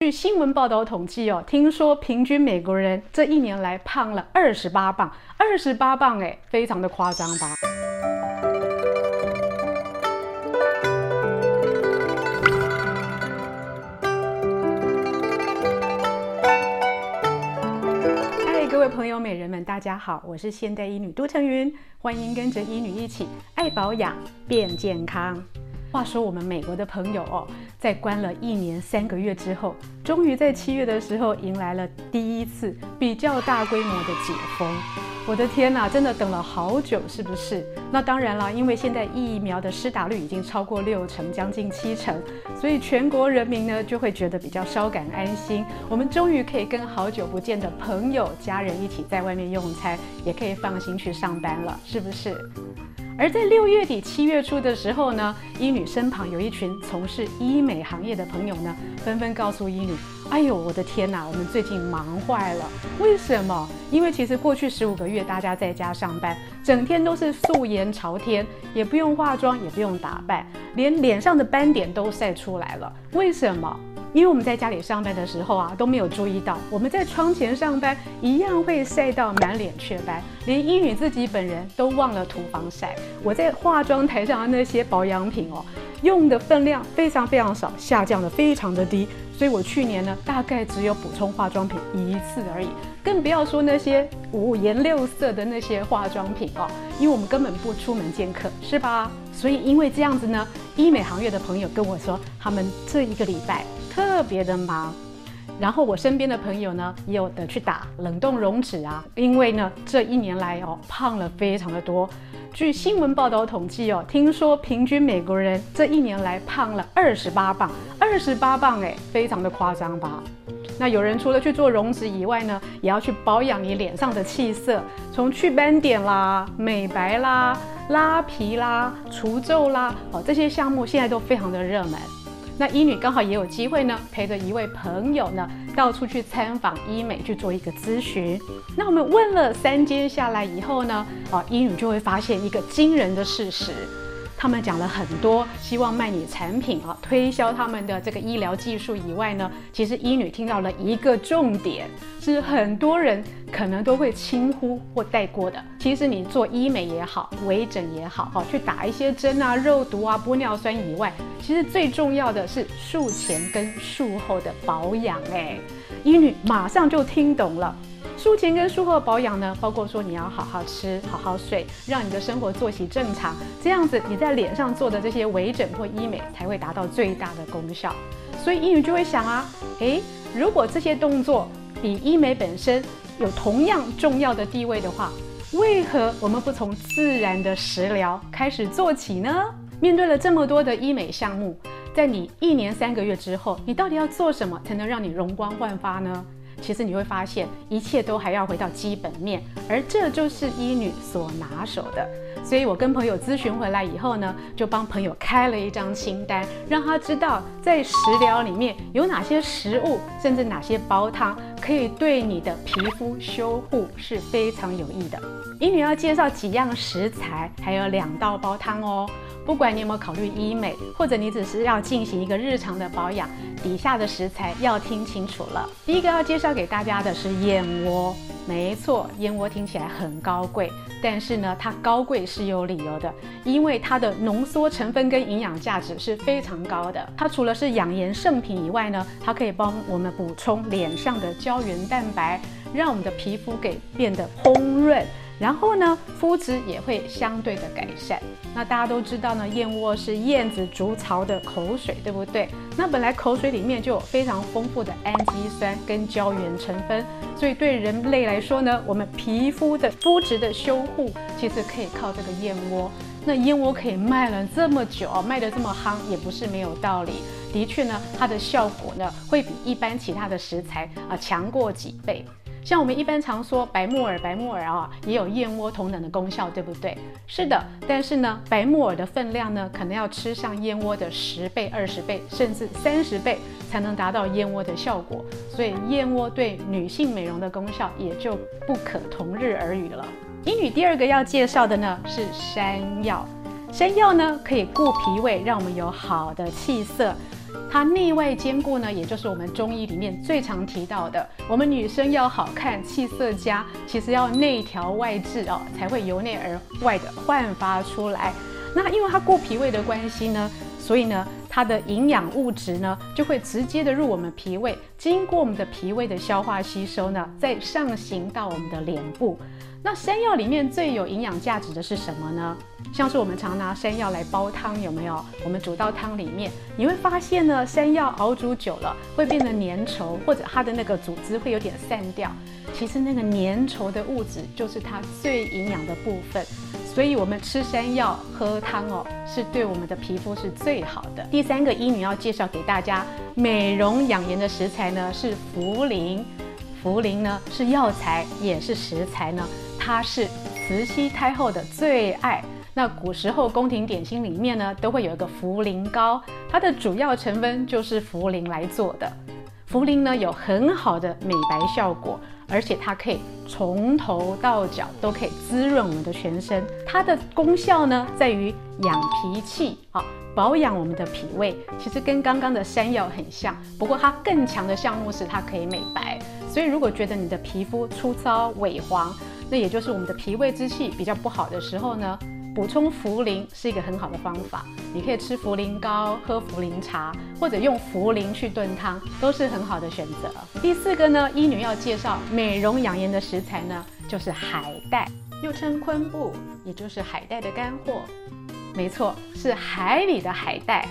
據新聞報道統計哦，聽說平均美國人這一年來胖了二十八磅，二十八磅、欸、非常的誇張吧？嗨、哎，各位朋友、美人們，大家好，我是現代醫女杜成雲，歡迎跟着醫女一起愛保養，變健康。話說我們美國的朋友哦，在關了一年三個月之後，終於在七月的時候迎來了第一次比較大規模的解封。我的天呐，真的等了好久，是不是？那當然了，因為現在疫苗的施打率已經超過六成，將近七成，所以全國人民呢就會覺得比較稍感安心。我們終於可以跟好久不見的朋友、家人一起在外面用餐，也可以放心去上班了，是不是？而在六月底，七月初的時候呢，醫女身旁有一群從事醫美行業的朋友呢，紛紛告訴醫女：“哎呦，我的天吶，啊，我們最近忙壞了。為什麼？因為其實過去十五個月，大家在家上班，整天都是素顏朝天，也不用化妝，也不用打扮，連臉上的斑點都曬出來了。為什麼？”因為我們在家裡上班的時候啊，都沒有注意到我們在窗前上班一樣會曬到滿臉雀斑，連英語自己本人都忘了塗防曬。我在化妝台上的那些保養品哦，用的分量非常非常少，下降的非常的低，所以我去年呢大概只有補充化妝品一次而已，更不要說那些五顏六色的那些化妝品哦，因為我們根本不出門見客，是吧？所以因為這樣子呢，醫美行業的朋友跟我說，他們這一個禮拜特別的忙，然後我身邊的朋友呢，也有的去打冷凍溶脂啊，因為呢，這一年來哦，胖了非常的多。據新聞報道統計哦，聽說平均美國人這一年來胖了二十八磅，二十八磅哎、欸，非常的誇張吧？那有人除了去做溶脂以外呢，也要去保養你臉上的氣色，從祛斑點啦、美白啦、拉皮啦、除皺啦，哦，這些項目現在都非常的熱門。那醫女剛好也有機會呢，陪着一位朋友呢，到處去參訪醫美去做一個諮詢。那我們問了三間下來以後呢，啊，醫女就會發現一個驚人的事實。他們講了很多，希望賣你產品啊，推銷他們的這個醫療技術以外呢，其實醫女聽到了一個重點，是很多人可能都會輕忽或帶過的。其實你做醫美也好，微整也好，啊，去打一些針啊、肉毒啊、玻尿酸以外，其實最重要的是術前跟術後的保養，欸。哎，醫女馬上就聽懂了。術前跟術後保養呢，包括說你要好好吃，好好睡，讓你的生活作息正常，這樣子你在臉上做的這些微整或醫美才會達到最大的功效。所以英語就會想啊，誒，如果這些動作比醫美本身有同樣重要的地位的話，為何我們不從自然的食療開始做起呢？面對了這麼多的醫美項目，在你一年三個月之後，你到底要做什麼才能讓你容光煥發呢？其實你會發現，一切都還要回到基本面，而這就是醫女所拿手的。所以，我跟朋友諮詢回來以後呢，就幫朋友開了一張清單，讓他知道在食療裡面有哪些食物，甚至哪些煲湯可以對你的皮膚修護是非常有益的。醫女要介紹幾樣食材，還有兩道煲湯哦。不管你有沒有考慮醫美，或者你只是要進行一個日常的保養，底下的食材要聽清楚了。第一個要介紹給大家的是燕窩，沒錯，燕窩聽起來很高貴，但是呢，它高貴是有理由的，因為它的濃縮成分跟營養價值是非常高的。它除了是養顏聖品以外呢，它可以幫我們補充臉上的膠原蛋白，讓我們的皮膚給變得紅潤。然後呢，膚質也會相對的改善。那大家都知道呢，燕窩是燕子築巢的口水，對不對？那本來口水裡面就有非常豐富的氨基酸跟膠原成分，所以對人類來說呢，我們皮膚的膚質的修護，其實可以靠這個燕窩。那燕窩可以賣了這麼久，賣得這麼夯，也不是沒有道理。的確呢，它的效果呢，會比一般其他的食材啊，呃，強過幾倍。像我們一般常說白木耳，白木耳啊，也有燕窩同等的功效，對不對？是的，但是呢，白木耳的分量呢，可能要吃上燕窩的十倍、二十倍，甚至三十倍，才能達到燕窩的效果。所以，燕窩對女性美容的功效也就不可同日而語了。英語第二個要介紹的呢是山藥，山藥呢可以顧脾胃，讓我們有好的氣色。它內外兼顧呢，也就是我們中醫裡面最常提到的，我們女生要好看、氣色佳，其實要內調外治哦，才會由內而外的煥發出來。那因為它固脾胃的關係呢，所以呢，它的營養物質呢，就會直接的入我們脾胃，經過我們的脾胃的消化吸收呢，再上行到我們的臉部。那山藥裡面最有營養價值的是什麼呢？像是我們常拿山藥來煲湯，有沒有？我們煮到湯裡面，你會發現呢，山藥熬煮久了會變得粘稠，或者它的那個組織會有點散掉。其實那個粘稠的物質就是它最營養的部分。所以我們吃山藥喝湯哦，是對我們的皮膚是最好的。第三個，醫女要介紹給大家美容養顏的食材呢，是茯苓。茯苓呢是藥材也是食材呢。它是慈禧太後的最愛。那古時候宮廷點心裡面呢，都會有一個茯苓膏，它的主要成分就是茯苓來做的。茯苓呢有很好的美白效果，而且它可以從頭到腳都可以滋潤我們的全身。它的功效呢在於養脾氣啊，保養我們的脾胃。其實跟剛剛的山藥很像，不過它更強的項目是它可以美白。所以如果覺得你的皮膚粗糙、萎黃，那也就是我們的脾胃之氣比較不好的時候呢，補充茯苓是一個很好的方法。你可以吃茯苓膏、喝茯苓茶，或者用茯苓去燉湯，都是很好的選擇。第四個呢，醫女要介紹美容養顏的食材呢，就是海帶，又稱昆布，也就是海帶的乾貨。沒錯，是海裡的海帶。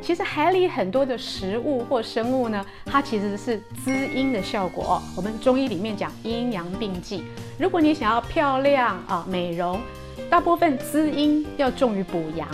其實海裡很多的食物或生物呢，它其實是滋陰的效果，哦。我們中醫裡面講陰陽並濟，如果你想要漂亮啊、哦、美容，大部分滋陰要重於補陽，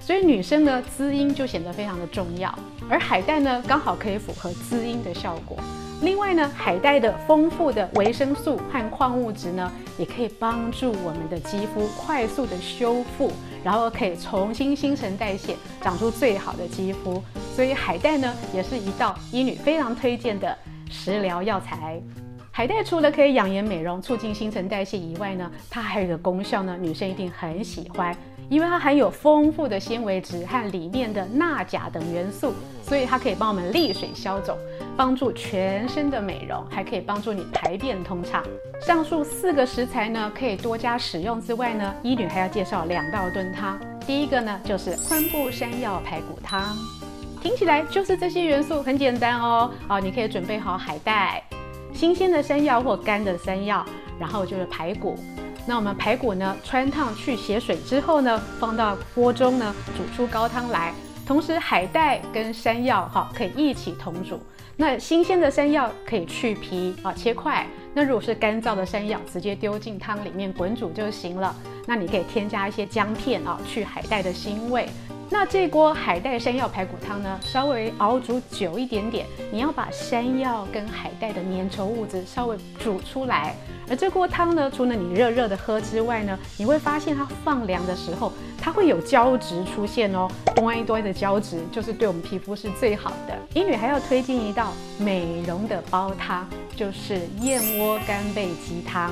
所以女生呢滋陰就顯得非常的重要。而海帶呢剛好可以符合滋陰的效果。另外呢，海帶的豐富的維生素和礦物質呢，也可以幫助我們的肌膚快速的修復，然後可以重新新陳代謝，長出最好的肌膚。所以海帶呢，也是一道醫女非常推薦的食療藥材。海帶除了可以養顏美容、促進新陳代謝以外呢，它還有一個功效呢，女生一定很喜歡，因為它含有豐富的纖維質和裡面的鈉鉀等元素，所以它可以幫我們利水消腫，幫助全身的美容，還可以幫助你排便通暢。上述四個食材呢，可以多加使用之外呢，醫女還要介紹兩道燉湯。第一個呢，就是昆布山藥排骨湯，聽起來就是這些元素很簡單哦。好，你可以準備好海帶。新鮮的山藥或乾的山藥，然後就是排骨。那我們排骨呢，汆燙去血水之後呢，放到鍋中呢，煮出高湯來。同時，海帶跟山藥哈、哦、可以一起同煮。那新鮮的山藥可以去皮啊、哦，切塊。那如果是乾燥的山藥，直接丟進湯裡面滾煮就行了。那你可以添加一些薑片啊、哦，去海帶的腥味。那這鍋海帶山藥排骨湯呢，稍微熬煮久一點點，你要把山藥跟海帶的粘稠物質稍微煮出來。而這鍋湯呢，除了你熱熱的喝之外呢，你會發現它放涼的時候，它會有膠質出現哦，哆安一端的膠質就是對我們皮膚是最好的。醫女還要推薦一道美容的煲湯，就是燕窩乾貝雞湯。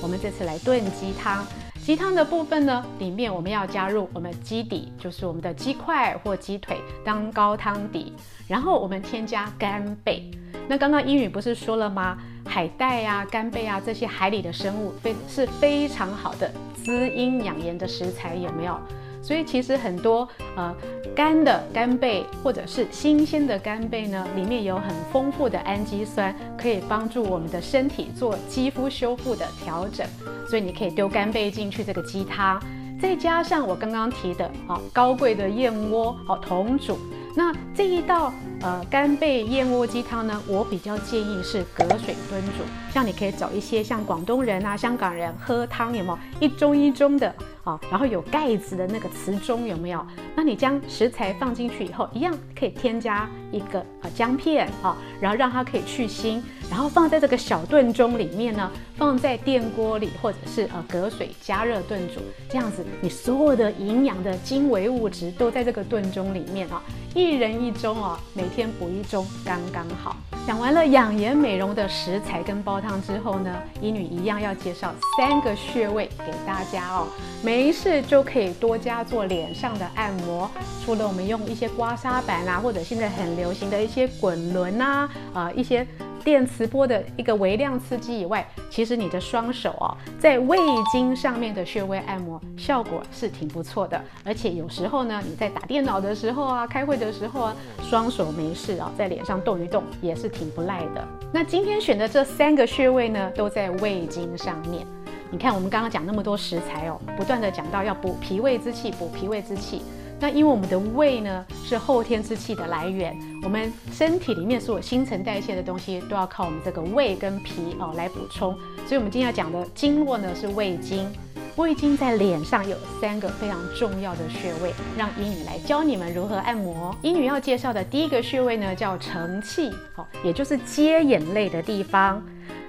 我們這次來燉雞湯。雞湯的部分呢，裡面我們要加入我們的雞底，就是我們的雞塊或雞腿當高湯底，然後我們添加乾貝。那剛剛英語不是說了嗎？海帶呀、啊、乾貝啊這些海裡的生物，非是非常好的滋陰養顏的食材，有沒有？所以其實很多呃乾的干貝或者是新鮮的干貝呢，裡面有很豐富的氨基酸，可以幫助我們的身體做肌膚修復的調整。所以你可以丟干貝進去這個雞湯，再加上我剛剛提的啊、哦、高貴的燕窩哦同煮。那這一道呃干貝燕窩雞湯呢，我比較建議是隔水燉煮，像你可以找一些像廣東人啊、香港人喝湯，有冇一盅一盅的？啊，然後有蓋子的那個瓷盅有沒有？那你將食材放進去以後，一樣可以添加一個呃薑片啊，然後讓它可以去腥，然後放在這個小燉盅裡面呢，放在電鍋裡或者是呃隔水加熱燉煮，這樣子你所有的營養的精微物質都在這個燉盅裡面啊，一人一盅啊，每天補一盅剛剛好。講完了養顏美容的食材跟煲湯之後呢，醫女一樣要介紹三個穴位給大家哦。沒事就可以多加做臉上的按摩，除了我們用一些刮痧板啊，或者現在很流行的一些滾輪啊，啊、呃、一些。電磁波的一個微量刺激以外，其實你的雙手哦，在胃經上面的穴位按摩效果是挺不錯的。而且有時候呢，你在打電腦的時候啊，開會的時候啊，雙手沒事啊，在臉上動一動也是挺不賴的。那今天選的這三個穴位呢，都在胃經上面。你看，我們剛剛講那麼多食材哦，不斷的講到要補脾胃之氣，補脾胃之氣。那因為我們的胃呢是後天之氣的來源，我們身體裡面所有新陳代謝的東西都要靠我們這個胃跟脾哦來補充，所以我們今天要講的經絡呢是胃經。胃經在臉上有三個非常重要的穴位，讓醫女來教你們如何按摩。醫女要介紹的第一個穴位呢叫承泣，哦，也就是接眼淚的地方。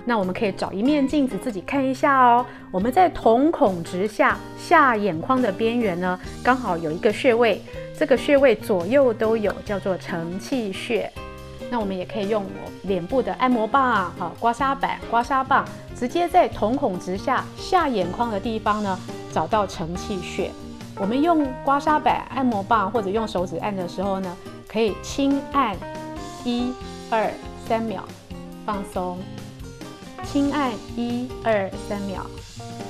那我們可以找一面鏡子自己看一下哦。我們在瞳孔直下下眼眶的邊緣呢，剛好有一個穴位，這個穴位左右都有，叫做承泣穴。那我們也可以用我臉部的按摩棒啊、刮痧板、刮痧棒，直接在瞳孔直下下眼眶的地方呢，找到承泣穴。我們用刮痧板、按摩棒或者用手指按的時候呢，可以輕按，一、二、三秒，放鬆。輕按，一二三秒，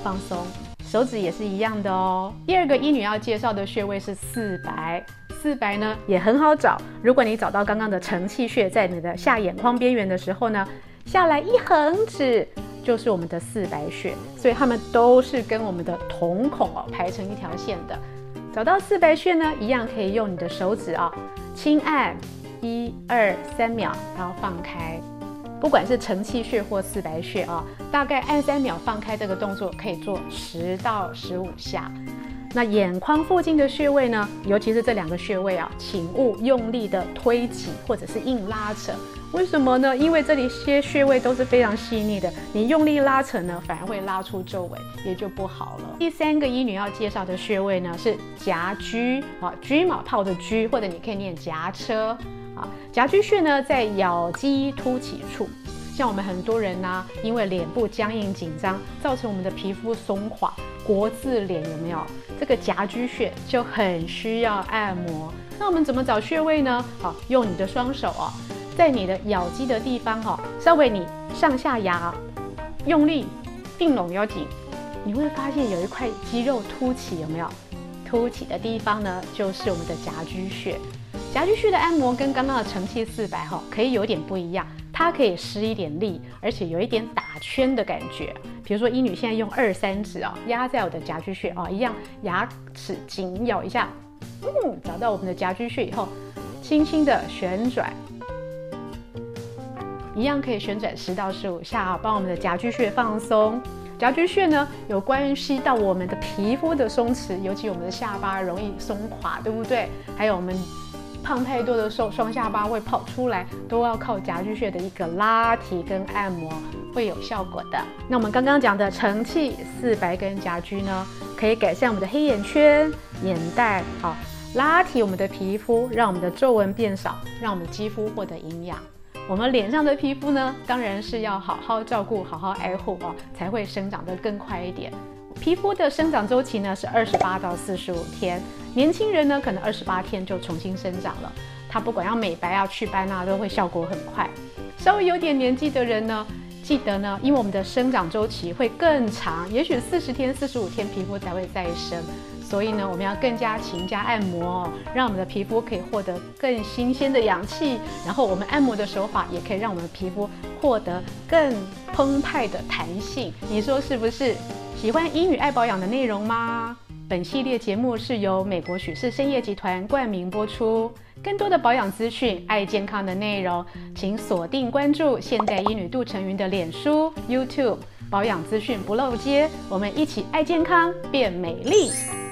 放鬆，手指也是一樣的哦。第二個醫女要介紹的穴位是四白，四白呢也很好找。如果你找到剛剛的承泣穴在你的下眼眶邊緣的時候呢，下來一橫指就是我們的四白穴。所以它們都是跟我們的瞳孔哦排成一條線的。找到四白穴呢，一樣可以用你的手指啊、哦、輕按，一二三秒，然後放開。不管是承泣穴或四白穴啊，大概按三秒放開這個動作，可以做十到十五下。那眼眶附近的穴位呢，尤其是這兩個穴位啊，請勿用力的推擠或者是硬拉扯。為什麼呢？因為這裡些穴位都是非常細膩的，你用力拉扯呢，反而會拉出皺紋，也就不好了。第三個醫女要介紹的穴位呢，是頰車啊，車馬炮的車，或者你可以念頰車。頰車穴呢，在咬肌凸起處，像我們很多人呢、啊，因為臉部僵硬緊張，造成我們的皮膚鬆垮，國字臉有沒有？這個頰車穴就很需要按摩。那我們怎麼找穴位呢？好，用你的雙手啊，在你的咬肌的地方哈、啊，稍微你上下牙用力併攏要緊，你會發現有一塊肌肉凸起，有沒有？凸起的地方呢，就是我們的頰車穴。頰車穴的按摩跟剛剛的承泣四白哈可以有點不一樣，它可以施一點力，而且有一點打圈的感覺。比如說，醫女現在用二三指啊、哦、壓在我的頰車穴啊、哦，一樣牙齒緊咬一下，嗯，找到我們的頰車穴以後，輕輕的旋轉，一樣可以旋轉十到十五下啊、哦，幫我們的頰車穴放鬆。頰車穴呢，有關係到我們的皮膚的鬆弛，尤其我們的下巴容易鬆垮，對不對？還有我們。胖太多的時候，雙下巴會跑出來，都要靠頰具穴的一個拉提跟按摩會有效果的。那我們剛剛講的承泣四白跟頰居呢，可以改善我們的黑眼圈、眼袋，好，拉提我們的皮膚，讓我們的皺紋變少，讓我們的肌膚獲得營養。我們臉上的皮膚呢，當然是要好好照顧、好好愛護哦，才會生長得更快一點。皮膚的生長週期呢，是二十八到四十五天。年輕人呢，可能二十八天就重新生長了，他不管要美白、啊、要祛斑啊，都會效果很快。稍微有點年紀的人呢，記得呢，因為我們的生長周期會更長，也許四十天、四十五天皮膚才會再生，所以呢，我們要更加勤加按摩哦，讓我們的皮膚可以獲得更新鮮的氧氣，然後我們按摩的手法也可以讓我們的皮膚獲得更澎湃的彈性。你說是不是？喜歡醫女愛保養的內容嗎？本系列節目是由美國許氏參業集團冠名播出。更多的保養資訊、愛健康的內容，請鎖定關注現代醫女杜成雲的臉書、YouTube。保養資訊不漏接，我們一起愛健康，變美麗。